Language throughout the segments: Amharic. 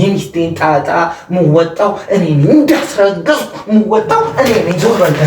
የሚስቴን ጣጣ ምወጣው እኔ ነኝ። እንዳስረገዝኩ ምወጣው እኔ ነኝ። ዞር በል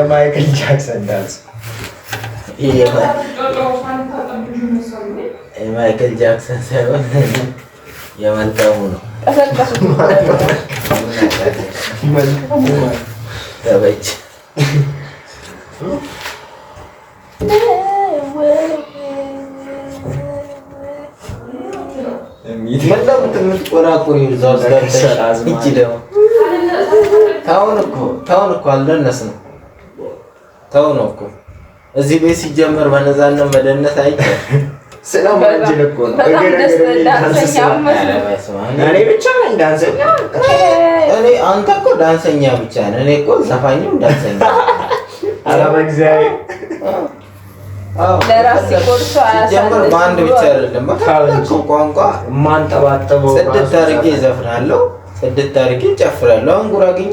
የማይክል ጃክሰን ዳንስ የማይክል ጃክሰን ሳይሆን የመልቀሙ ነው። ተበች ምን ለምን ትምህርት ቆራቁሪ እዛው ታውን እኮ ታውን እኮ አልደነስ ነው ታውን እኮ እዚህ ቤት ሲጀመር በነፃነት መደነስ አይቻ ስለማንችል እኮ ነው። እኔ ብቻ ነኝ ዳንሰኛ። እኔ አንተ እኮ ዳንሰኛ ብቻ ነህ። እኔ እኮ ዘፋኝም ዳንሰኛ ሲጀምር በአንድ ብቻ አይደለም። ቋንቋ ማንጠባጠበው ጽድት አድርጌ ዘፍናለሁ፣ ጽድት አድርጌ ጨፍራለሁ። አንጉራግኛ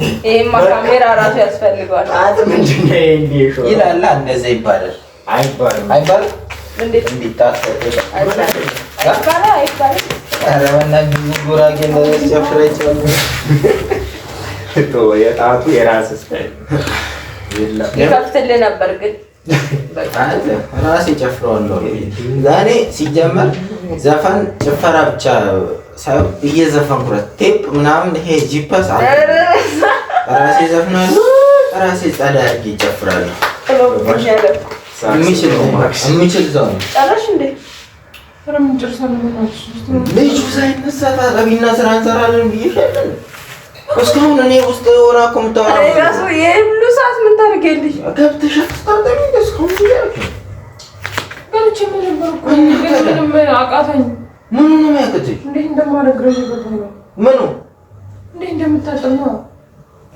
ይሄማ ካሜራ ራሱ ያስፈልገዋል። አት ምንድን ነው ይባላል። የጣቱ የራስ ስታይል ነበር ግን ራሴ ጨፍረዋለሁ። ዛሬ ሲጀመር ዘፈን ጭፈራ ብቻ ሳይሆን እየዘፈንኩ ቴፕ ምናምን ይሄ ጂፐስ ራሴ ዘፍናለሁ፣ ራሴ ጸዳ አድርጌ ይጨፍራለሁ። የሚችል ሰው ልጁ ሳይነሳ ታጠቢና ስራ እንሰራለን ብዬሻለን። እስካሁን እኔ ውስጥ ሆና እኮ የምታወራው የሁሉ ሰዓት ምን ታደርጊያለሽ? ገብተሽ አትታጠቢ እስካሁን ገብቼ ነው ምኑ እንዴት እንደምታጠብ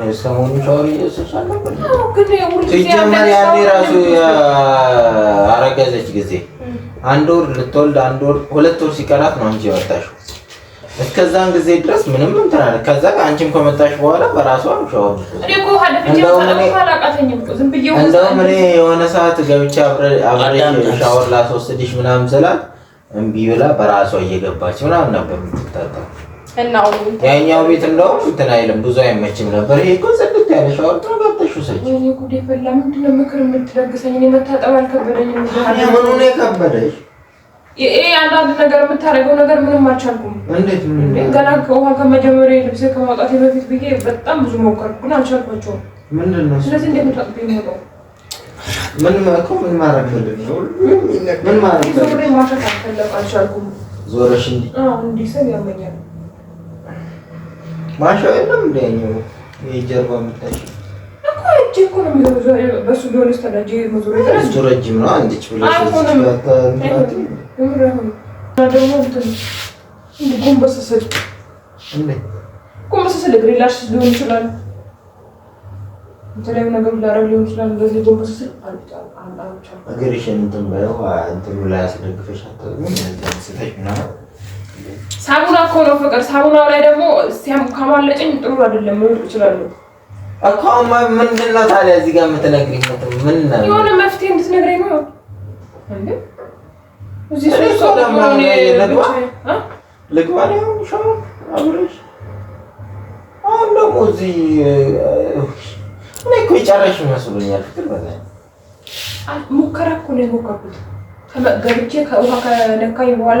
ነው። ሰሞኑ ሻወር እየወሰድሻለሁ። ሲጀመር ያኔ ራሱ አረገዘች ጊዜ አንድ ወር ልትወልድ አንድ ወር ሁለት ወር ሲቀራት ነው አንቺ የመጣሽው። እስከዛን ጊዜ ድረስ ምንም እንትን አለ። ከዛ አንቺም ከመጣሽ በኋላ በራሷ ሻወር እንደውም እኔ የሆነ ሰዓት ገብቼ አብሬ ሻወር ላስወስድሽ ምናምን ስላት እምቢ ብላ በራሷ እየገባች ምናምን ነበር የምትታጠብ ያኛው ቤት እንደውም እንትን አይልም ብዙ አይመችም ነበር። ይሄ እኮ ጽድት ያለ ሻወር ገብተሽ ውሰጂ። ጉዴ ፈላ። ምንድን ነው ምክር የምትለግሰኝ? እኔ መታጠብ አልከበደኝም። ምኑ ነው የከበደሽ? ይሄ አንዳንድ ነገር የምታደርገው ነገር ምንም አልቻልኩም። እንዴት ምን ገና ከውሃ ከመጀመሪያ ልብሴ ከማውጣት በፊት ብዬ በጣም ብዙ ሞከርኩ፣ ግን አልቻልኳቸውም። ምንድን ነው ስለዚህ እንዴት ምጣጥብ ይሞጣው ምን ማኮ ምን ማረግ ነው ምን ማረግ ነው ዞሬ ማሸት አልፈለግ አልቻልኩም። ዞረሽ እንዲ እንዲህ ሰው ያመኛል ማሻው የለም እንደኛው የጀርባ ምጣሽ እኮ እጅ እኮ ነው የሚለው በሱ ቢሆን ስተዳጅ መዞር ድረስ ረጅም ነው። አንድች ብለሽ ጎንበስ ስል እግሬ ላሽ ሊሆን ይችላል፣ የተለያዩ ነገር ላረግ ሊሆን ይችላል። እንደዚህ ጎንበስ ስል እግርሽን እንትን በይው እንትን ላይ አስደግፈሽ አታጥቢም ስተሽ ምናምን ሳሙና እኮ ነው ፍቅር። ሳሙናው ላይ ደግሞ ሲያም ከማለጭኝ ጥሩ አይደለም። ምን ይችላል እኮ ምንድን ነው ታዲያ እዚህ ጋር የምትነግሪኝ? ምን ነው የሆነ መፍትሄ እንድትነግረኝ ነው ሙከራ እኮ ነው የሞከርኩት ገብቼ ከውሃ ከነካኝ በኋላ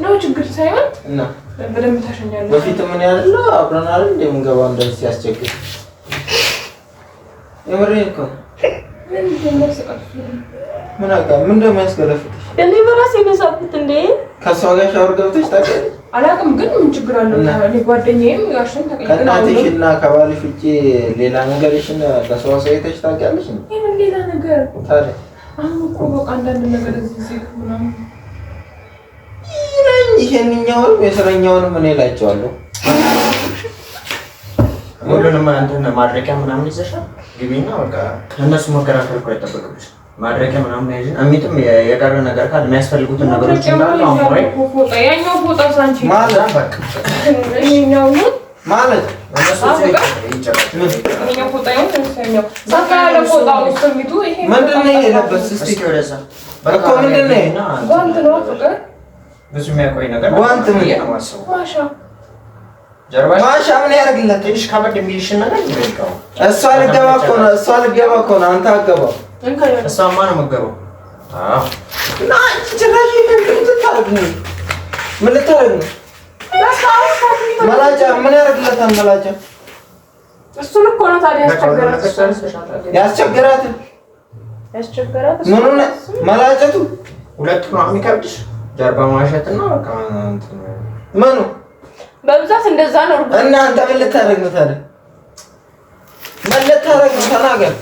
ነው ችግር ሳይሆን እና በደንብ ታሸኛለህ። በፊት ምን ያለ አብረን አይደል እንደምንገባ እንደዚህ ሲያስቸግር የምሬ እኮ ምን ምን እንደሚያስገለፍት እኔ በራሴ የነሳኩት እንዴ። ከሷ ጋር ሻወር ገብተሽ ታውቂያለሽ? አላውቅም፣ ግን ምን ችግር አለው? ጓደኛዬም ጋሽን ከእናትሽ እና ሌላ ለሰው ታውቂያለሽ? ሌላ ነገር ታዲያ አሁን እኮ በቃ አንዳንድ ነገር እዚህ ምናምን ነኝ። ይሄንኛውንም የስረኛውንም እኔ እላቸዋለሁ። ሁሉንም እንትን ማድረቂያ ምናምን ይዘሻል ግቢና በቃ እነሱ መከራከር እኮ አይጠበቅብሽ። ማድረቂያ ምናምን ያዥ እሚጥም የቀረ ነገር ካለ የሚያስፈልጉትን ነገሮች ማለት ምንድን ነው የለበስ? እኮ ምንድን ነው ብዙ የሚያቆይ ነገር ዋንት ምን ያማሰው ማሻ ጀርባ ማሻ ምን ያደርግላት? ትንሽ ከበድ የሚልሽ ነገር ይበቃው። እሷ ልገባ እኮ ነው፣ እሷ ልገባ እኮ ነው። አንተ አገባ። እሷማ ነው የምትገባው። አዎ። እና ጭራሽ ምን ልታደርግ ነው? ምን ልታደርግ ነው? መላጫ ምን ያደርግላታል? መላጫ እሱን እኮ ነው ታዲያ ያስቸገራት፣ ያስቸገራት ምኑን መላጨቱ ሁለቱ ነው የሚከብድሽ ጀርባ ማሸት እና በቃ ምኑ በብዛት እንደዛ ነው። እና አንተ ምን ልታደርግ ነው ታዲያ? ምን ልታደርግ ነው ተናገር።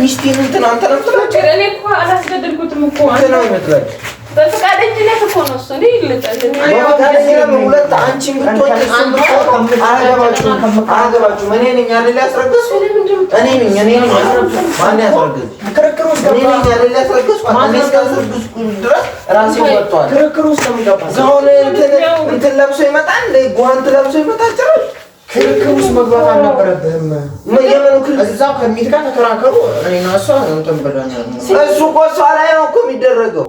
ሚስቴን እንትን አንተ ነው የምትላቸው። እኔ እኮ አላስገድልኩትም እኮ አንተ ነው የምትላቸው በፈቃደኝነት ክርክር ውስጥ ለብሶ ይመጣል፣ ጓንት ለብሶ ይመጣል። ጭራሽ መግባት አልነበረብህም። እዛው ከሚት ጋር ተከራከሩ። እኔ እና እሷ እንትን ብለናል። እሱ እኮ እሷ ላይ ነው እኮ የሚደረገው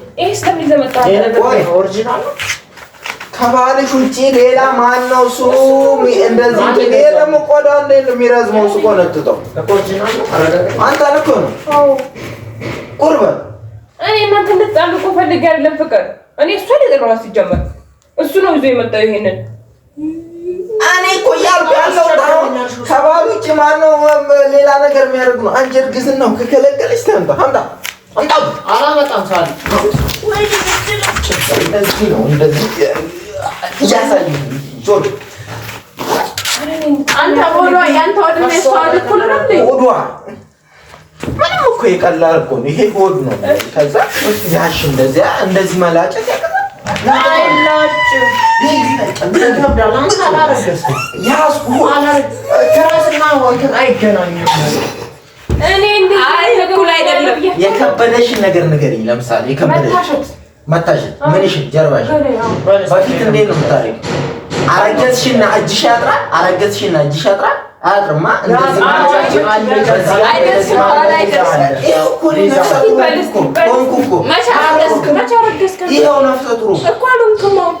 ኦሪጂናል ከባልሽ ውጭ ሌላ ማን ነው? እሱ እንደዚህ ደግሞ ቆዳ እንዴት የሚረዝመው? እሱ ቆነጥጠው አንተ ልክ ነው። ቁርበት እኔ እናንተ እንድትጣሉ እኮ ፈልጌ አይደለም ፍቅር እኔ እሱ አይደለም ሲጀመር እሱ ነው ይዞ የመጣው ይሄንን እኔ እኮ እያልኩ ያለው ከባል ውጭ ማን ነው ሌላ ነገር የሚያደርግ ነው? አንቺ እርግዝናው ከከለከለች ተምጣ አምጣ አምጣ አላመጣም ሳል እንደዚህ ነው። እንደዚህ እያሳዩ ጆል አንተ ወዷ ያንተ ወድ ነው ሰዋድ ኩል ነው እንዴ? ወዷ ምንም እኮ የቀላል እኮ ነው። ይሄ ሆድ ነው። ከዛ ያሽ እንደዚህ እንደዚህ መላጨት ያቀላል። የከበደሽን ነገር ንገሪኝ። ለምሳሌ የከበደሽ መታሽ ምንሽን ጀርባሽ በፊት እንዴት ነው የምታደርጊው? አረገዝሽና እጅሽ ያጥራል። አረገዝሽና እጅሽ ያጥራል። አያጥርማ እንደዚህ ነፍሰ ጡር እኮ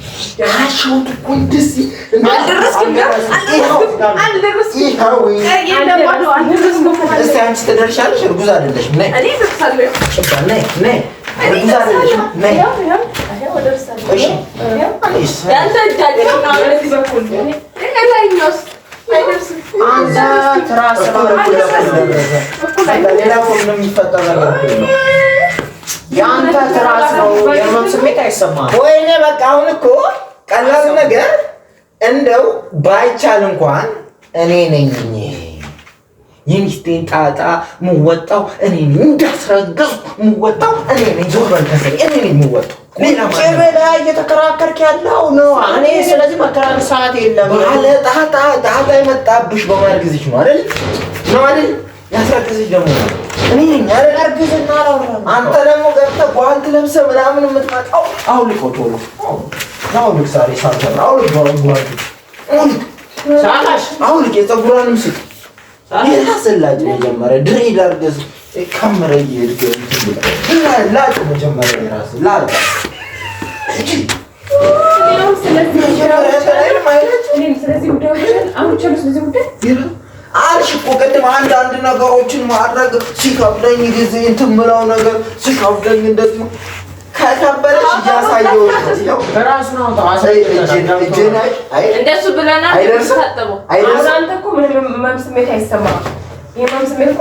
ያሻውት እኮ እንደዚህ አልደረስክም፣ እስኪ አንቺ ትደርሻለሽ። እርጉዝ አይደለሽም። ነይ ነይ የአንተ ትራስ ነው። የህመም ስሜት አይሰማም። ወይኔ በቃ አሁን እኮ ቀላሉ ነገር እንደው ባይቻል እንኳን እኔ ነኝ የሚስቴን ጣጣ የምወጣው እኔ ነኝ፣ እንዳስረገዝኩ የምወጣው እኔ ነኝ። ዞረን ከሰኝ እኔ ነኝ የምወጣው። ላይ እየተከራከርክ ያለው ነው። እኔ ስለዚህ መከራከር ሰዓት የለም። ባለ ጣጣ ጣጣ የመጣብሽ በማርገዝሽ ነው አይደል? ነው አይደል? ያስረገዝሽ ደግሞ እኔ ነኝ አይደል? እርግዝና አንተ ደግሞ ጓንት ለብሰ ምናምን የምትመጣው አውልቅ፣ ቶሎ አውልቅ። ዛሬ ሳልሰራ አውልቅ፣ አውልቅ። የፀጉሯንም ስጥ የታሰላጭ መጀመሪያ ድሬድ አድርገህ ከምረ እየሄድክ ላጭ መጀመሪያ የራስህ ላጭ ስለዚህ አልሽ እኮ ቅድም አንድ ነገሮችን ማድረግ ሲከብደኝ ጊዜ እንትን ምለው ነገር ሲከብደኝ እንደዚህ ከከበደሽ እያሳየው አይሰማም። የማም ስሜት አይሰማም። እርግዝና የህመም ስሜት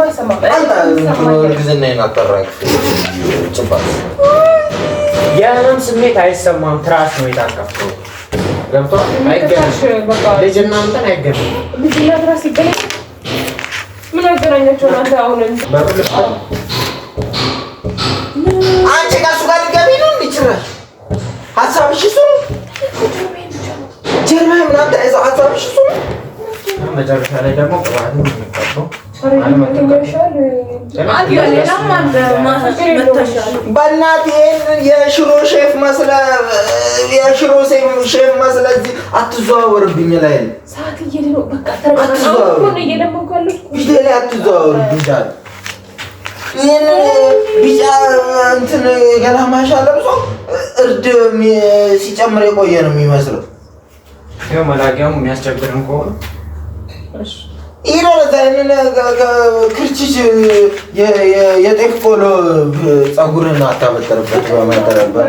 አይሰማም። ትራስ ነው የታቀፍከው ገብቶ አይገ ልጅና እንትን አይገ ልጅና ትራስ ይገናኛል አይነቸው ናት። አሁን አንቺ ከእሱ ጋር ልትገቢ ነው ጭራሽ ሀሳብሽ እሱ ነው። ጀርመን ምናምን ሀሳብሽ እሱ ነው። መጨረሻ ላይ ደግሞ ቅባት የሚቀባው የሽሮ ሼፍ መስለ የሽሮ ሼፍ መስለ እዚህ አትዘዋወርብኝ ላይ አትዘዋወር። ይህን ቢጫ እንትን ገላማሻ ለብሶ እርድ ሲጨምር የቆየ ነው የሚመስለው። መላጊያው የሚያስቸግርን ከሆነ ይሄ ክርችች የጤፍ ቆሎ ፀጉርን አታበጠርበት። በመጠረበት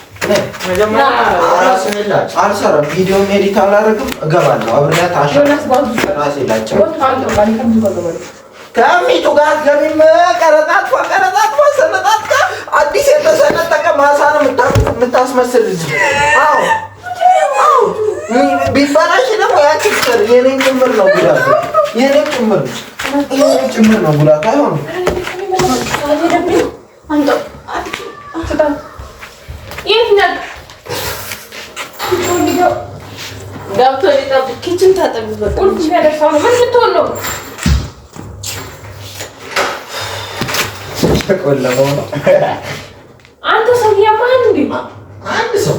አልሰራም። ቪዲዮም ኤዲት አላደርግም። እገባለሁ አብሬያት ከሚቱ ጋር ለሚም ቀረጣት ቀረጣት ሰነጣት አዲስ የተሰነጠቀ ማሳ ነው የምታስመስል ልጅ ቢበላሽ ደግሞ ያቺ የኔም ጭምር ነው ጉዳቱ። የኔም ጭምር የኔም ጭምር ነው ጉዳቱ። አይሆንም ገብቶ ሊጠብቅ ኪችን ታጠቢ አንተ ሰው ያማን እንዴ? አንድ ሰው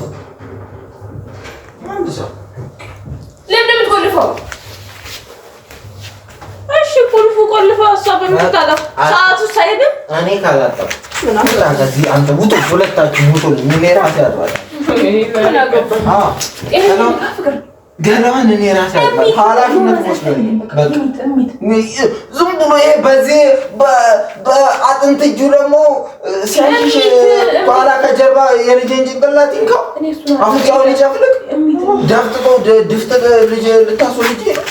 አንድ ሰው ለምን የምትቆልፈው? እሺ ቁልፉ ቆልፈው እሷ በምትታጠብ ሰዓቱ ሳይሄድ እኔ ካላጠብኩ ከዚህ አንተ ውጡ፣ ሁለታችሁ ውጡ። እኔ ራሴ አልባት ገላዋን እኔ ራሴ አልባት ኃላፊነት ዝም ብሎ ይሄ በዚህ በአጥንት እጁ ደግሞ ሲያሽሽ በኋላ ከጀርባ የልጄን ጭንቅላት ይንካው፣ አፍንጫውን ይጨፍልቅ፣ ደፍጥጦ ድፍጥቅ ልጅ ልታስወልጅ ነው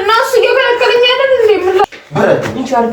እና እሱ እየከለከለኝ አይደል?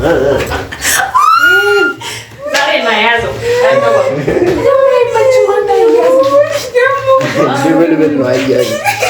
Not in my asshole. I don't have much money. You're moving. You're moving. You're moving. You're moving.